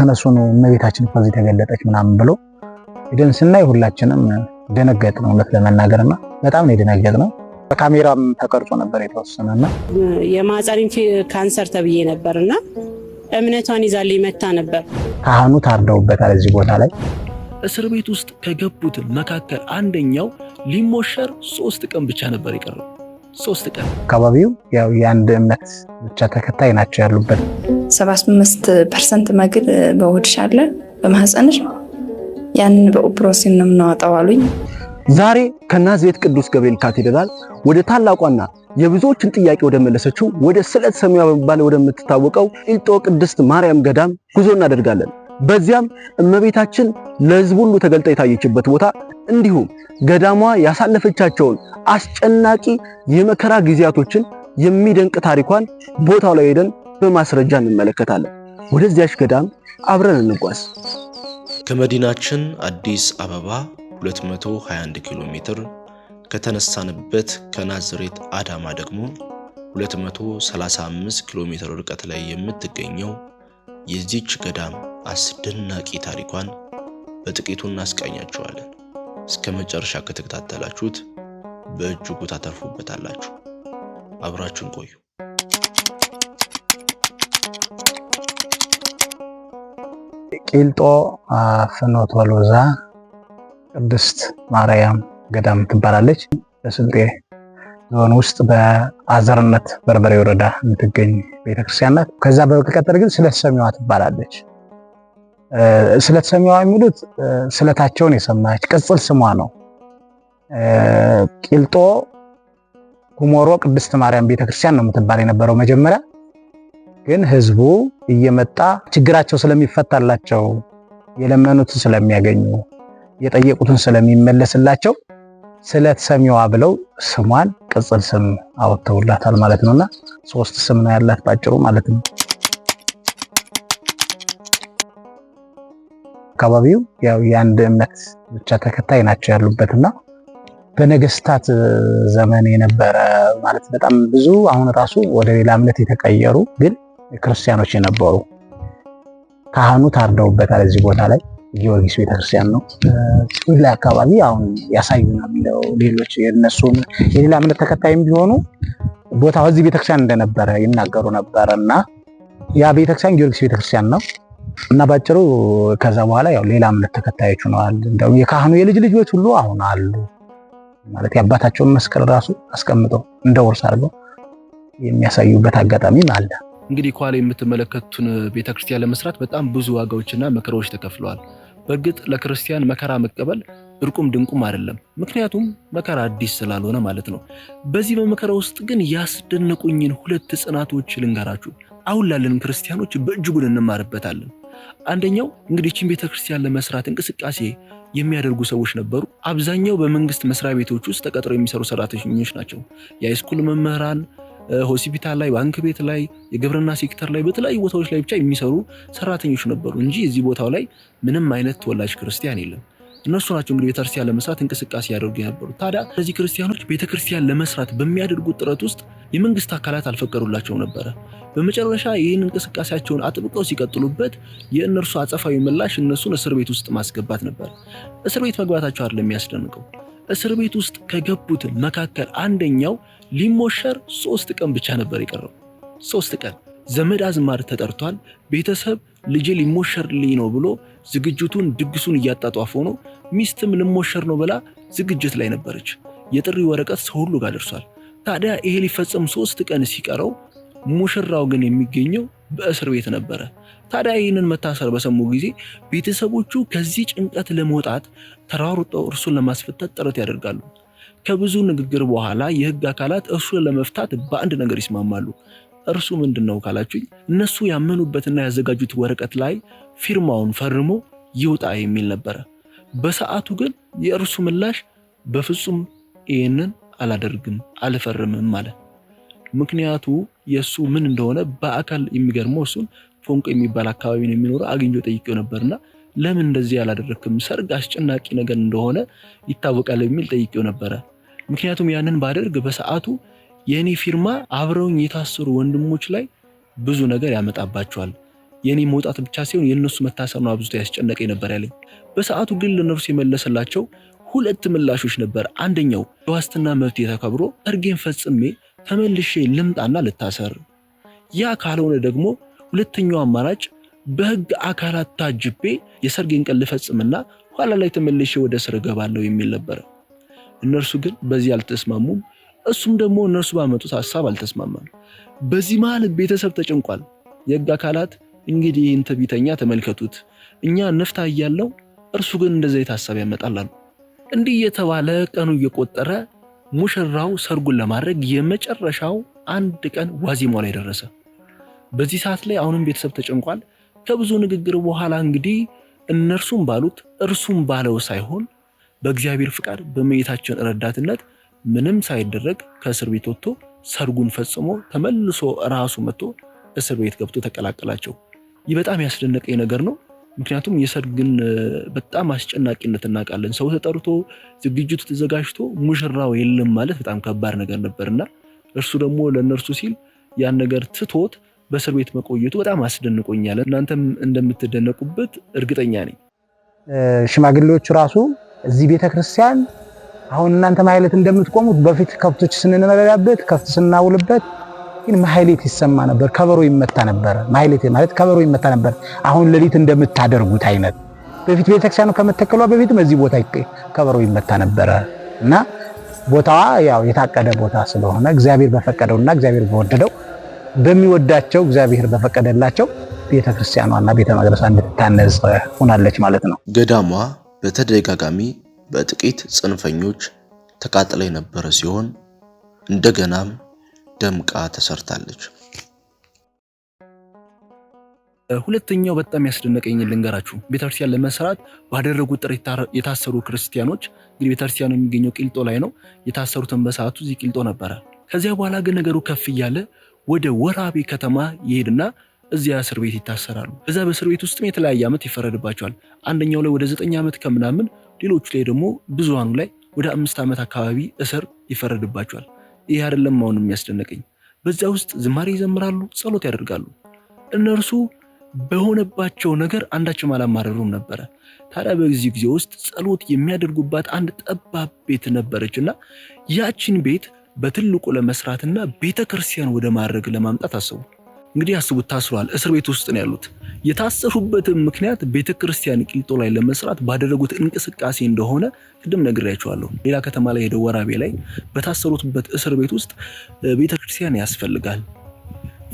ተነሱ ነው እመቤታችን እኮ እዚህ ተገለጠች ምናምን ብሎ ሄደን ስናይ ሁላችንም ደነገጥ ነው እውነት ለመናገር እና በጣም ነው የደነገጥ ነው። በካሜራም ተቀርጾ ነበር የተወሰነና የማህፀን ካንሰር ተብዬ ነበር እና እምነቷን ይዛ መታ ነበር። ካህኑ ታርደውበታል እዚህ ቦታ ላይ እስር ቤት ውስጥ ከገቡት መካከል አንደኛው ሊሞሸር ሶስት ቀን ብቻ ነበር የቀረው። ሶስት ቀን አካባቢው ያው የአንድ እምነት ብቻ ተከታይ ናቸው ያሉበት 75 ፐርሰንት መግል በውድሻ አለ በማህፀንሽ፣ ያንን በኦፕሮሲን ነው የምናወጣው አሉኝ። ዛሬ ከናዝሬት ቅዱስ ገብርኤል ካቴድራል ወደ ታላቋና የብዙዎችን ጥያቄ ወደ መለሰችው ወደ ስለት ሰሚያ በመባል ወደምትታወቀው ኢልጦ ቅድስት ማርያም ገዳም ጉዞ እናደርጋለን። በዚያም እመቤታችን ለሕዝብ ሁሉ ተገልጣ የታየችበት ቦታ እንዲሁም ገዳሟ ያሳለፈቻቸውን አስጨናቂ የመከራ ጊዜያቶችን የሚደንቅ ታሪኳን ቦታው ላይ ሄደን በማስረጃ እንመለከታለን። ወደዚያች ገዳም አብረን እንጓዝ። ከመዲናችን አዲስ አበባ 221 ኪሎ ሜትር ከተነሳንበት ከናዝሬት አዳማ ደግሞ 235 ኪሎ ሜትር ርቀት ላይ የምትገኘው የዚች ገዳም አስደናቂ ታሪኳን በጥቂቱ እናስቃኛቸዋለን። እስከ መጨረሻ ከተከታተላችሁት በእጅጉ ታተርፉበታላችሁ። አብራችሁን ቆዩ። ቂልጦ ፍኖተ ሎዛ ቅድስት ማርያም ገዳም ትባላለች። በስልጤ ዞን ውስጥ በአዘርነት በርበሬ ወረዳ የምትገኝ ቤተክርስቲያን ናት። ከዛ በመቀጠል ግን ስለተሰሚዋ ሰሚዋ ትባላለች። ስለተሰሚዋ ሰሚዋ የሚሉት ስለታቸውን የሰማች ቅጽል ስሟ ነው። ቂልጦ ኩሞሮ ቅድስት ማርያም ቤተክርስቲያን ነው የምትባል የነበረው መጀመሪያ ግን ህዝቡ እየመጣ ችግራቸው ስለሚፈታላቸው የለመኑትን ስለሚያገኙ የጠየቁትን ስለሚመለስላቸው ስለት ሰሚዋ ብለው ስሟን ቅጽል ስም አወጥተውላታል ማለት ነውና ሶስት ስም ነው ያላት ባጭሩ ማለት ነው። አካባቢው ያው የአንድ እምነት ብቻ ተከታይ ናቸው ያሉበት እና በነገስታት ዘመን የነበረ ማለት በጣም ብዙ አሁን ራሱ ወደ ሌላ እምነት የተቀየሩ ግን ክርስቲያኖች የነበሩ ካህኑ ታርደውበታል። እዚህ ቦታ ላይ ጊዮርጊስ ቤተክርስቲያን ነው። ይህ ላይ አካባቢ አሁን ያሳዩናል። ሌሎች የነሱም የሌላ እምነት ተከታይም ቢሆኑ ቦታው እዚህ ቤተክርስቲያን እንደነበረ ይናገሩ ነበር እና ያ ቤተክርስቲያን ጊዮርጊስ ቤተክርስቲያን ነው እና ባጭሩ ከዛ በኋላ ያው ሌላ እምነት ተከታዮች ሆነዋል። እንደውም የካህኑ የልጅ ልጆች ሁሉ አሁን አሉ ማለት የአባታቸውን መስቀል ራሱ አስቀምጠው እንደ ውርስ አድርገው የሚያሳዩበት አጋጣሚም አለ። እንግዲህ ከኋላ የምትመለከቱን ቤተክርስቲያን ለመስራት በጣም ብዙ ዋጋዎችና መከራዎች ተከፍለዋል። በእርግጥ ለክርስቲያን መከራ መቀበል እርቁም ድንቁም አይደለም፣ ምክንያቱም መከራ አዲስ ስላልሆነ ማለት ነው። በዚህ በመከራ ውስጥ ግን ያስደነቁኝን ሁለት ጽናቶች ልንገራችሁ። አሁን ላለን ክርስቲያኖች በእጅጉን እንማርበታለን። አንደኛው እንግዲህ ይህችን ቤተክርስቲያን ለመስራት እንቅስቃሴ የሚያደርጉ ሰዎች ነበሩ። አብዛኛው በመንግስት መስሪያ ቤቶች ውስጥ ተቀጥረው የሚሰሩ ሰራተኞች ናቸው። የሃይስኩል መምህራን ሆስፒታል ላይ፣ ባንክ ቤት ላይ፣ የግብርና ሴክተር ላይ በተለያዩ ቦታዎች ላይ ብቻ የሚሰሩ ሰራተኞች ነበሩ እንጂ እዚህ ቦታው ላይ ምንም አይነት ተወላጅ ክርስቲያን የለም። እነሱ ናቸው እንግዲህ ቤተክርስቲያን ለመስራት እንቅስቃሴ ያደርጉ የነበሩ። ታዲያ እነዚህ ክርስቲያኖች ቤተክርስቲያን ለመስራት በሚያደርጉት ጥረት ውስጥ የመንግስት አካላት አልፈቀዱላቸው ነበረ። በመጨረሻ ይህን እንቅስቃሴያቸውን አጥብቀው ሲቀጥሉበት የእነርሱ አጸፋዊ ምላሽ እነሱን እስር ቤት ውስጥ ማስገባት ነበር። እስር ቤት መግባታቸው አይደለም የሚያስደንቀው እስር ቤት ውስጥ ከገቡት መካከል አንደኛው ሊሞሸር ሶስት ቀን ብቻ ነበር የቀረው። ሶስት ቀን ዘመድ አዝማድ ተጠርቷል። ቤተሰብ ልጄ ሊሞሸርልኝ ነው ብሎ ዝግጅቱን ድግሱን እያጣጧፈ ነው። ሚስትም ልሞሸር ነው ብላ ዝግጅት ላይ ነበረች። የጥሪ ወረቀት ሰው ሁሉ ጋር ደርሷል። ታዲያ ይሄ ሊፈጸም ሶስት ቀን ሲቀረው ሙሽራው ግን የሚገኘው በእስር ቤት ነበረ። ታዲያ ይህንን መታሰር በሰሙ ጊዜ ቤተሰቦቹ ከዚህ ጭንቀት ለመውጣት ተሯሩጠው እርሱን ለማስፈታት ጥረት ያደርጋሉ። ከብዙ ንግግር በኋላ የህግ አካላት እርሱን ለመፍታት በአንድ ነገር ይስማማሉ። እርሱ ምንድን ነው ካላችሁኝ፣ እነሱ ያመኑበትና ያዘጋጁት ወረቀት ላይ ፊርማውን ፈርሞ ይውጣ የሚል ነበረ። በሰዓቱ ግን የእርሱ ምላሽ በፍጹም ይህንን አላደርግም፣ አልፈርምም አለ። ምክንያቱ የእሱ ምን እንደሆነ በአካል የሚገርመው እሱን ፎንቆ የሚባል አካባቢ ነው የሚኖረው። አግኝቼው ጠይቄው ነበርና ለምን እንደዚህ ያላደረክም ሰርግ አስጨናቂ ነገር እንደሆነ ይታወቃል የሚል ጠይቄው ነበረ። ምክንያቱም ያንን ባደርግ በሰዓቱ የእኔ ፊርማ አብረውኝ የታሰሩ ወንድሞች ላይ ብዙ ነገር ያመጣባቸዋል። የእኔ መውጣት ብቻ ሲሆን የእነሱ መታሰር ነው አብዝቶ ያስጨነቀኝ ነበር ያለኝ። በሰዓቱ ግን ለነርሱ የመለሰላቸው ሁለት ምላሾች ነበር። አንደኛው የዋስትና መብት ተከብሮ ሰርጌን ፈጽሜ ተመልሼ ልምጣና ልታሰር፣ ያ ካልሆነ ደግሞ ሁለተኛው አማራጭ በህግ አካላት ታጅቤ የሰርጌን ቀን ልፈጽምና ኋላ ላይ ተመልሼ ወደ ስር እገባለሁ የሚል ነበረ። እነርሱ ግን በዚህ አልተስማሙም። እሱም ደግሞ እነርሱ ባመጡት ሀሳብ አልተስማማም። በዚህ መሃል ቤተሰብ ተጨንቋል። የህግ አካላት እንግዲህ ይህን ትዕቢተኛ ተመልከቱት፣ እኛ ነፍታ እያለው እርሱ ግን እንደዚህ አይነት ሀሳብ ያመጣል አሉ። እንዲህ የተባለ ቀኑ እየቆጠረ ሙሽራው ሰርጉን ለማድረግ የመጨረሻው አንድ ቀን ዋዜማው ላይ ደረሰ። በዚህ ሰዓት ላይ አሁንም ቤተሰብ ተጨንቋል። ከብዙ ንግግር በኋላ እንግዲህ እነርሱም ባሉት እርሱም ባለው ሳይሆን በእግዚአብሔር ፍቃድ በመቤታችን ረዳትነት ምንም ሳይደረግ ከእስር ቤት ወጥቶ ሰርጉን ፈጽሞ ተመልሶ ራሱ መጥቶ እስር ቤት ገብቶ ተቀላቀላቸው። ይህ በጣም ያስደነቀኝ ነገር ነው። ምክንያቱም የሰርግን በጣም አስጨናቂነት እናውቃለን። ሰው ተጠርቶ ዝግጅቱ ተዘጋጅቶ ሙሽራው የለም ማለት በጣም ከባድ ነገር ነበርና እርሱ ደግሞ ለእነርሱ ሲል ያን ነገር ትቶት በእስር ቤት መቆየቱ በጣም አስደንቆኛል። እናንተም እንደምትደነቁበት እርግጠኛ ነኝ። ሽማግሌዎቹ ራሱ እዚህ ቤተክርስቲያን አሁን እናንተ ማህሌት እንደምትቆሙት በፊት ከብቶች ስንነዳበት ከብት ስናውልበት ግን ማህሌት ይሰማ ነበር፣ ከበሮ ይመታ ነበር። ማህሌት ማለት ከበሮ ይመታ ነበር፣ አሁን ሌሊት እንደምታደርጉት አይነት። በፊት ቤተክርስቲያኑ ከመተከሏ በፊትም እዚህ ቦታ ከበሮ ይመታ ነበረ እና ቦታዋ ያው የታቀደ ቦታ ስለሆነ እግዚአብሔር በፈቀደውና እግዚአብሔር በወደደው በሚወዳቸው እግዚአብሔር በፈቀደላቸው ቤተ ክርስቲያኗና ቤተ መቅደሷ እንድትታነጽ ሆናለች ማለት ነው። ገዳሟ በተደጋጋሚ በጥቂት ጽንፈኞች ተቃጥላ የነበረ ሲሆን እንደገናም ደምቃ ተሰርታለች። ሁለተኛው በጣም ያስደነቀኝ ልንገራችሁ። ቤተክርስቲያን ለመስራት ባደረጉ ጥረት የታሰሩ ክርስቲያኖች እንግዲህ ቤተክርስቲያኑ የሚገኘው ቂልጦ ላይ ነው። የታሰሩትን በሰዓቱ እዚህ ቂልጦ ነበረ። ከዚያ በኋላ ግን ነገሩ ከፍ እያለ ወደ ወራቤ ከተማ ይሄድና እዚያ እስር ቤት ይታሰራሉ። እዛ በእስር ቤት ውስጥም የተለያየ ዓመት ይፈረድባቸዋል። አንደኛው ላይ ወደ ዘጠኝ ዓመት ከምናምን፣ ሌሎቹ ላይ ደግሞ ብዙሃኑ ላይ ወደ አምስት ዓመት አካባቢ እስር ይፈረድባቸዋል። ይህ አይደለም አሁንም የሚያስደነቀኝ፣ በዚያ ውስጥ ዝማሬ ይዘምራሉ፣ ጸሎት ያደርጋሉ። እነርሱ በሆነባቸው ነገር አንዳችም አላማረሩም ነበረ። ታዲያ በዚህ ጊዜ ውስጥ ጸሎት የሚያደርጉባት አንድ ጠባብ ቤት ነበረች እና ያችን ቤት በትልቁ ለመስራትና ቤተ ክርስቲያን ወደ ማድረግ ለማምጣት አስቡ። እንግዲህ አስቡት፣ ታስሯል። እስር ቤት ውስጥ ነው ያሉት። የታሰሩበትም ምክንያት ቤተ ክርስቲያን ቂልጦ ላይ ለመስራት ባደረጉት እንቅስቃሴ እንደሆነ ቅድም ነግሬያቸዋለሁ። ሌላ ከተማ ላይ ሄደው ወራቤ ላይ በታሰሩትበት እስር ቤት ውስጥ ቤተ ክርስቲያን ያስፈልጋል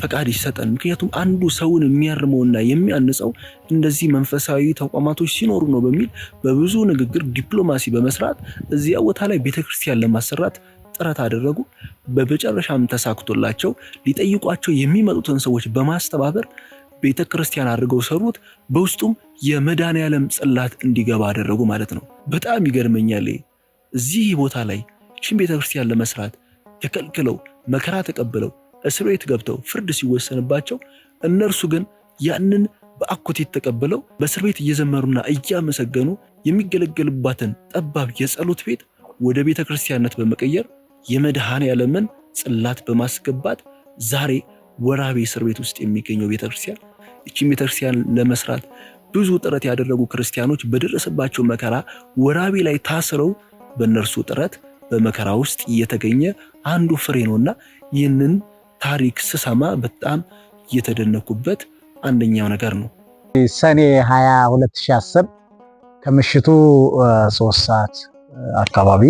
ፈቃድ ይሰጠን። ምክንያቱም አንዱ ሰውን የሚያርመውና የሚያንጸው እንደዚህ መንፈሳዊ ተቋማቶች ሲኖሩ ነው በሚል በብዙ ንግግር ዲፕሎማሲ በመስራት እዚያ ቦታ ላይ ቤተክርስቲያን ለማሰራት ጥረት አደረጉ። በመጨረሻም ተሳክቶላቸው ሊጠይቋቸው የሚመጡትን ሰዎች በማስተባበር ቤተ ክርስቲያን አድርገው ሰሩት። በውስጡም የመድኃኔ ዓለም ጽላት እንዲገባ አደረጉ ማለት ነው። በጣም ይገርመኛል። እዚህ ቦታ ላይ ሽን ቤተ ክርስቲያን ለመስራት ተከልክለው መከራ ተቀብለው እስር ቤት ገብተው ፍርድ ሲወሰንባቸው እነርሱ ግን ያንን በአኮቴት ተቀብለው በእስር ቤት እየዘመሩና እያመሰገኑ የሚገለገልባትን ጠባብ የጸሎት ቤት ወደ ቤተ ክርስቲያንነት በመቀየር የመድኃኔ ዓለምን ጽላት በማስገባት ዛሬ ወራቤ እስር ቤት ውስጥ የሚገኘው ቤተክርስቲያን እቺም ቤተክርስቲያን ለመስራት ብዙ ጥረት ያደረጉ ክርስቲያኖች በደረሰባቸው መከራ ወራቤ ላይ ታስረው በእነርሱ ጥረት በመከራ ውስጥ እየተገኘ አንዱ ፍሬ ነውና ይህንን ታሪክ ስሰማ በጣም እየተደነኩበት አንደኛው ነገር ነው። ሰኔ 20 2010 ከምሽቱ ሶስት ሰዓት አካባቢ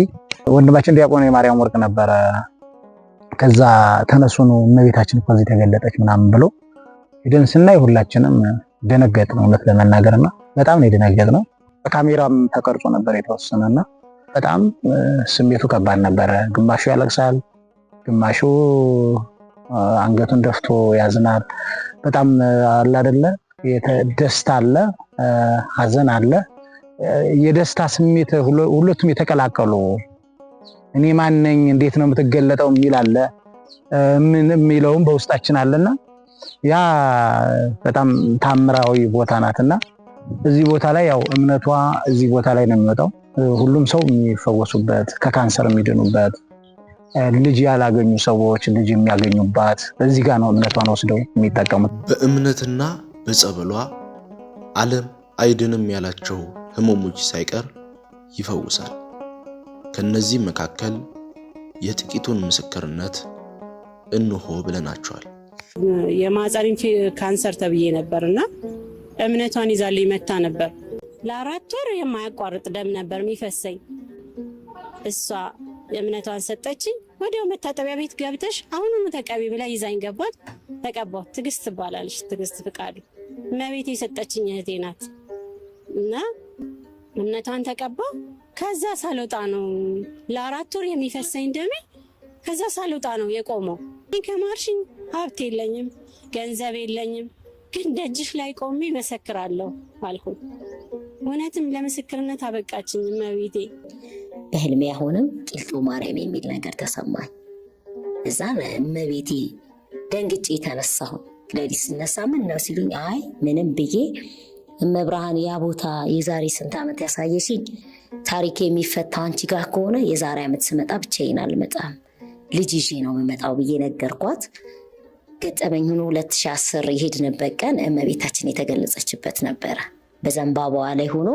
ወንድማችን ዲያቆን የማርያም ወርቅ ነበረ። ከዛ ተነሱኑ እመቤታችን እኮ እዚህ ተገለጠች ምናምን ብሎ ሄደን ስናይ ሁላችንም ደነገጥ ነው እውነት ለመናገር እና በጣም ነው የደነገጥ ነው። በካሜራም ተቀርጾ ነበር የተወሰነ እና በጣም ስሜቱ ከባድ ነበረ። ግማሹ ያለቅሳል፣ ግማሹ አንገቱን ደፍቶ ያዝናል። በጣም አለ አይደለ ደስታ አለ፣ ሀዘን አለ፣ የደስታ ስሜት ሁለቱም የተቀላቀሉ እኔ ማነኝ እንዴት ነው የምትገለጠው የሚል አለ የሚለውም በውስጣችን አለና ያ በጣም ታምራዊ ቦታ ናትና እዚህ ቦታ ላይ ያው እምነቷ እዚህ ቦታ ላይ ነው የሚወጣው። ሁሉም ሰው የሚፈወሱበት፣ ከካንሰር የሚድኑበት፣ ልጅ ያላገኙ ሰዎች ልጅ የሚያገኙባት እዚህ ጋር ነው እምነቷን ወስደው የሚጠቀሙት። በእምነትና በጸበሏ አለም አይድንም ያላቸው ህመሞች ሳይቀር ይፈውሳል። ከእነዚህም መካከል የጥቂቱን ምስክርነት እንሆ ብለናቸዋል። የማህፀን ካንሰር ተብዬ ነበር እና እምነቷን ይዛል መታ ነበር። ለአራት ወር የማያቋርጥ ደም ነበር የሚፈሰኝ። እሷ እምነቷን ሰጠችኝ። ወዲያው መታጠቢያ ቤት ገብተሽ አሁኑኑ ተቀቢ ብላ ይዛኝ ገባት። ተቀባሁ። ትግስት ትባላለች። ትግስት ፍቃዱ መቤት የሰጠችኝ እህቴ ናት እና እምነቷን ተቀባ። ከዛ ሳልወጣ ነው ለአራት ወር የሚፈሰኝ ደሜ ከዛ ሳልወጣ ነው የቆመው። ከማርሽኝ ሀብት የለኝም፣ ገንዘብ የለኝም፣ ግን ደጅሽ ላይ ቆሜ መሰክራለሁ አልኩኝ። እውነትም ለምስክርነት አበቃችኝ እመቤቴ። በህልሜ አሁንም ቂልጦ ማርያም የሚል ነገር ተሰማኝ። እዛ እመቤቴ ደንግጬ የተነሳሁ ለሊት ስነሳ ምን ነው ሲሉኝ አይ ምንም ብዬ እመብርሃን ያ ቦታ የዛሬ ስንት ዓመት ያሳየሽኝ ታሪክ የሚፈታ አንቺ ጋር ከሆነ የዛሬ ዓመት ስመጣ ብቻዬን አልመጣም ልጅ ይዤ ነው የምመጣው ብዬ ነገርኳት። ገጠመኝ ሆኖ 2010 የሄድንበት ቀን እመቤታችን የተገለጸችበት ነበረ። በዘንባባዋ ላይ ሆኖ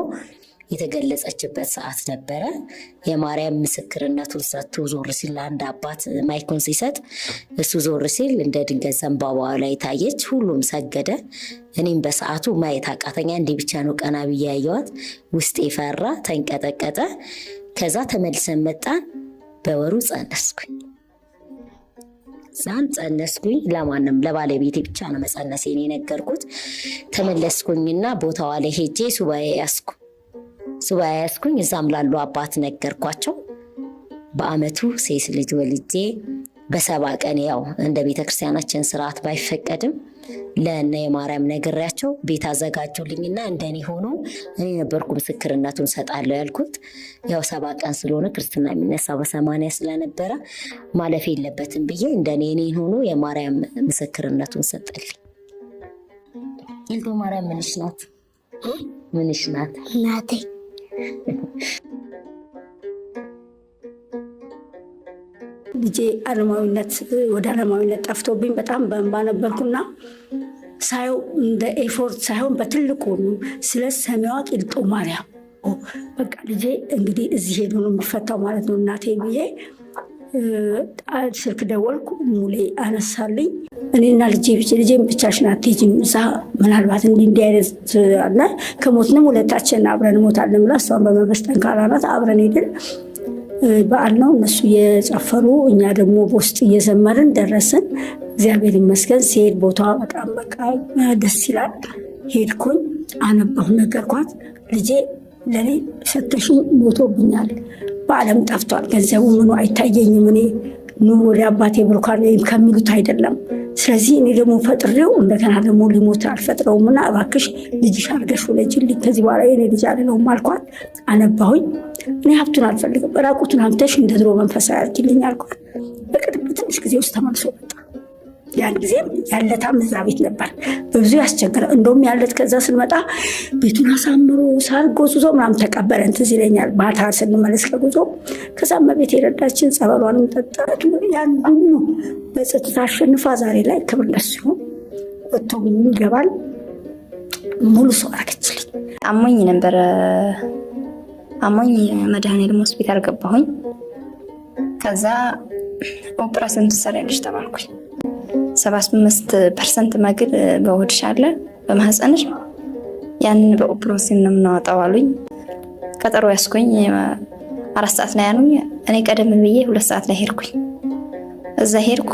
የተገለጸችበት ሰዓት ነበረ። የማርያም ምስክርነቱን ሰጥቶ ዞር ሲል ለአንድ አባት ማይኩን ሲሰጥ እሱ ዞር ሲል እንደ ድንገት ዘንባባ ላይ ታየች። ሁሉም ሰገደ። እኔም በሰዓቱ ማየት አቃተኛ። እንዲህ ብቻ ነው ቀና ብዬ ያየኋት። ውስጤ ፈራ፣ ተንቀጠቀጠ። ከዛ ተመልሰን መጣን። በወሩ ጸነስኩኝ። ዛን ጸነስኩኝ። ለማንም ለባለቤቴ ብቻ ነው መጸነሴን የነገርኩት። ተመለስኩኝና ቦታዋ ላይ ሄጄ ሱባኤ ያስኩ። ስወያያዝኩኝ እዛም ላሉ አባት ነገርኳቸው። በአመቱ ሴት ልጅ ወልጄ በሰባ ቀን ያው እንደ ቤተ ክርስቲያናችን ስርዓት ባይፈቀድም ለእነ የማርያም ነግሬያቸው ቤት አዘጋጁልኝና እንደኔ ሆኖ እኔ ነበርኩ ምስክርነቱን ሰጣለሁ ያልኩት። ያው ሰባ ቀን ስለሆነ ክርስትና የሚነሳው በሰማንያ ስለነበረ ማለፍ የለበትም ብዬ እንደኔ እኔን ሆኖ የማርያም ምስክርነቱን ሰጠል። ማርያም ምንሽ ናት? ምንሽ ናት? እናቴ ልጄ አለማዊነት ወደ አለማዊነት ጠፍቶብኝ በጣም በእንባ ነበርኩና ሳየው እንደ ኤፎርት ሳይሆን በትልቁ ስለ ሰሚዋ ቂልጦ ማርያም በቃ ልጄ እንግዲህ እዚህ ሄዶ ነው የሚፈታው ማለት ነው እናቴ ብዬ ስልክ ደወልኩ፣ ሙሌ አነሳልኝ። እኔና ልጄ ብቻ ልጄን ብቻሽን አትሄጂም እዛ ምናልባት እንዲህ እንዲህ አይነት አለ ከሞትንም ሁለታችን አብረን ሞታለን ብላ እሷን በመንፈስ ጠንካራ ናት። አብረን ሄድን። በዓል ነው እነሱ እየጨፈሩ እኛ ደግሞ በውስጥ እየዘመርን ደረስን። እግዚአብሔር ይመስገን። ሲሄድ ቦታዋ በጣም በቃ ደስ ይላል። ሄድኩኝ፣ አነባሁ፣ ነገርኳት ልጄ ለኔ ሰተሽኝ ሞቶብኛል በዓለም ጠፍቷል። ገንዘቡ ምኑ አይታየኝም። እኔ ኑ ወደ አባቴ ብሩካን ከሚሉት አይደለም። ስለዚህ እኔ ደግሞ ፈጥሬው እንደገና ደግሞ ሊሞት አልፈጥረውም እና እባክሽ ልጅሽ አድርገሽ ውለጂልኝ፣ ከዚህ በኋላ የኔ ልጅ አልለውም አልኳት። አነባሁኝ። እኔ ሀብቱን አልፈልግም፣ ራቁቱን ሀብተሽ እንደ ድሮ መንፈሳዊ አድርጊልኝ አልኳት። በቅድም ትንሽ ጊዜ ውስጥ ተመልሶ መጣ። ያን ጊዜም ያለታም እዛ ቤት ነበር። ብዙ ያስቸግረ እንደውም ያለት ከዛ ስንመጣ ቤቱን አሳምሮ ሳር ጎዝጉዞ ምናምን ተቀበለ። እንትን ይለኛል ማታ ስንመለስ ከጉዞ ከዛ መቤት የረዳችን ጸበሏንም ጠጣት። ያን ሁሉ በጸጥታ አሸንፋ ዛሬ ላይ ክብር ለሱ ወጥቶ ይገባል። ሙሉ ሰው አረገችልኝ። አሞኝ ነበረ አሞኝ መድኃኔዓለም ሆስፒታል ገባሁኝ። ከዛ ኦፕራሲዮን ትሰሪያለሽ ተባልኩኝ። 75 ፐርሰንት መግል በሆድሽ አለ በማህፀንሽ፣ ያንን በኦፕሮሲን ነው የምናወጣው አሉኝ። ቀጠሮ ያስኩኝ አራት ሰዓት ላይ ያሉኝ፣ እኔ ቀደም ብዬ ሁለት ሰዓት ላይ ሄድኩኝ። እዛ ሄድኩ።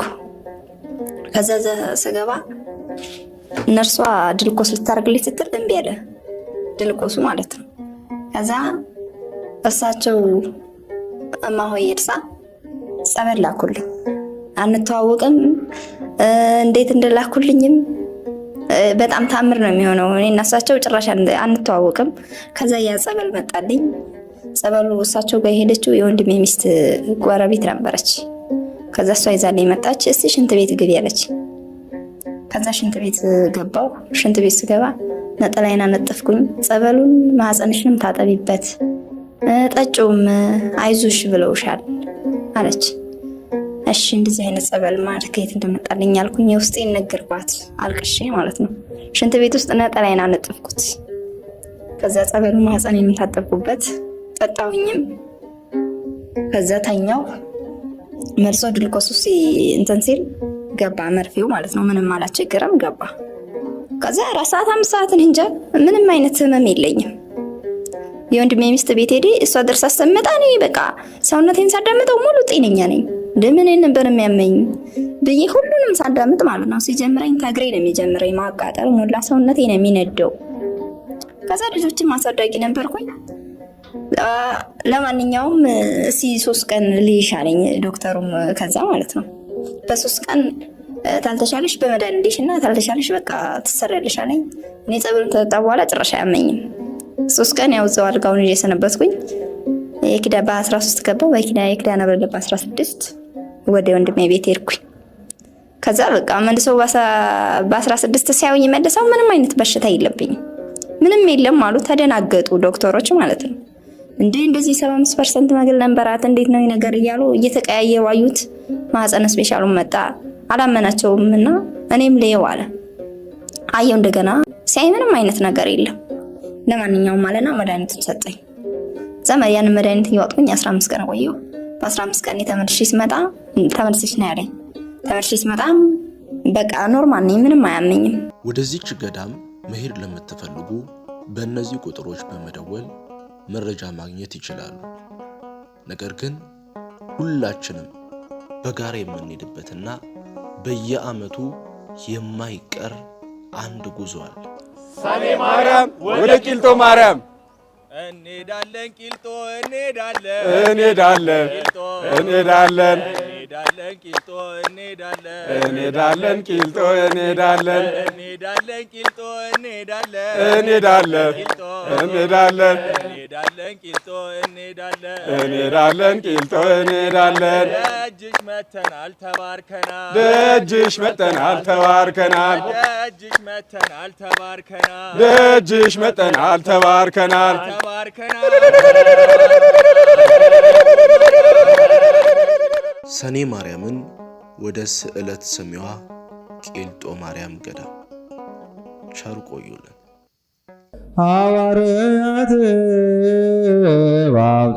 ከዛ ስገባ እነርሷ ድልኮስ ልታደርግልኝ ስትል እምቢ አለ፣ ድልኮሱ ማለት ነው። ከዛ እሳቸው እማሆይ እርሳ ጸበል ላኩልኝ። አንተዋወቅም እንዴት እንደላኩልኝም በጣም ታምር ነው የሚሆነው። እኔ እናሳቸው ጭራሽ አንተዋወቅም። ከዛ ያ ጸበል መጣልኝ። ጸበሉ እሳቸው ጋር የሄደችው የወንድሜ ሚስት ጎረቤት ነበረች። ከዛ እሷ ይዛ መጣች። እስቲ ሽንት ቤት ግቢ ያለች። ከዛ ሽንት ቤት ገባው። ሽንት ቤት ስገባ ነጠላይን አነጠፍኩኝ። ጸበሉን ማህፀንሽንም ታጠቢበት ጠጪውም አይዞሽ ብለውሻል አለች። እሺ እንደዚህ አይነት ጸበል ማለት ከየት እንደመጣልኝ ያልኩኝ የውስጤ ነገርኳት፣ አልቅሼ ማለት ነው። ሽንት ቤት ውስጥ ነጠላይን አነጥፍኩት ከዛ ጸበሉ ማህፀን የምታጠብኩበት ጠጣውኝም። ከዛ ተኛው። መልሶ ድልቆሱ እንትን ሲል ገባ መርፌው ማለት ነው። ምንም አላስቸግረም ገባ። ከዛ አራት ሰዓት አምስት ሰዓትን እንጃ ምንም አይነት ህመም የለኝም። የወንድሜ ሚስት ቤት ሄዴ እሷ ደርሳ ስትመጣ እኔ በቃ ሰውነቴን ሳዳምጠው ሙሉ ጤነኛ ነኝ። ለምን ነበር የሚያመኝ ብዬ ሁሉንም ሳዳምጥ ማለት ነው። ሲጀምረኝ ከእግሬ ነው የሚጀምረኝ ማቃጠል፣ ሞላ ሰውነቴ ነው የሚነደው። ከዛ ልጆችን ማሳዳጊ ነበርኩኝ። ለማንኛውም እሲ ሶስት ቀን ልይሻለኝ ዶክተሩም ከዛ ማለት ነው በሶስት ቀን ታልተሻለሽ በመድኃኒትሽ እና ታልተሻለሽ በቃ ትሰሪያለሽ አለኝ። እኔ ጸበሉን ከጠጣ በኋላ ጭራሽ አያመኝም። ሶስት ቀን ያው እዛው አልጋውን ይዤ ሰነበትኩኝ። የኪዳ በ13 ገባው በኪዳ የኪዳነ በለብ 16 ወደ ወንድሜ ቤት ሄድኩኝ። ከዛ በቃ መልሶ በአስራ ስድስት ሲያዩኝ መልሰው ምንም አይነት በሽታ የለብኝም ምንም የለም አሉ። ተደናገጡ ዶክተሮች ማለት ነው። እንዴ እንደዚህ 75 ፐርሰንት መግል ነበራት እንዴት ነው ነገር እያሉ እየተቀያየሩ አዩት። ማህፀነ ስፔሻሉን መጣ አላመናቸውም እና እኔም ልየው አለ። አየው እንደገና ሲያይ ምንም አይነት ነገር የለም። ለማንኛውም አለና መድኃኒቱን ሰጠኝ። ዘመድ ያንን መድኃኒት አስራ አምስት ቀን ቆየው። በ15 ቀን ተመልሼ ስመጣ ተመልሰሽ ነው ያለኝ። ተመልሼ ስመጣ በቃ ኖርማል ነኝ፣ ምንም አያመኝም። ወደዚች ገዳም መሄድ ለምትፈልጉ በእነዚህ ቁጥሮች በመደወል መረጃ ማግኘት ይችላሉ። ነገር ግን ሁላችንም በጋራ የምንሄድበትና በየዓመቱ የማይቀር አንድ ጉዞ አለ። ሰኔ ማርያም ወደ ቂልጦ ማርያም እንሄዳለን ቂልጦ እንሄዳለን እንሄዳለን እንሄዳለን እንሄዳለን ቂልጦ እንሄዳለን እንሄዳለን ቂልጦ እንሄዳለን እንሄዳለን ቂልጦ እንሄዳለን እንሄዳለን ቂልጦ እንሄዳለን ቂልጦ እንሄዳለን እንሄዳለን ቂልጦ እንሄዳለን ደጅሽ መተናል ተባርከናል ደጅሽ መተናል ተባርከናል ደጅሽ መተናል ተባርከናል ደጅሽ መተናል ተባርከናል ሰኔ ማርያምን ወደ ስዕለት ስሚዋ ቂልጦ ማርያም ገዳም ቸር ቆዩልን። ሐዋርያት ባብ